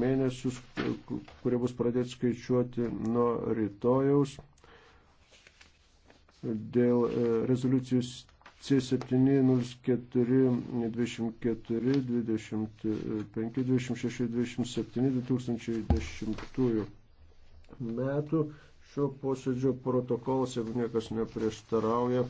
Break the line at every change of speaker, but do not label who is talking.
mėnesius, kurie bus pradėti skaičiuoti nuo rytojaus dėl e, rezoliucijos C704-24-25-26-27-2010 metų. Šio posėdžio protokolas, jeigu niekas neprieštarauja,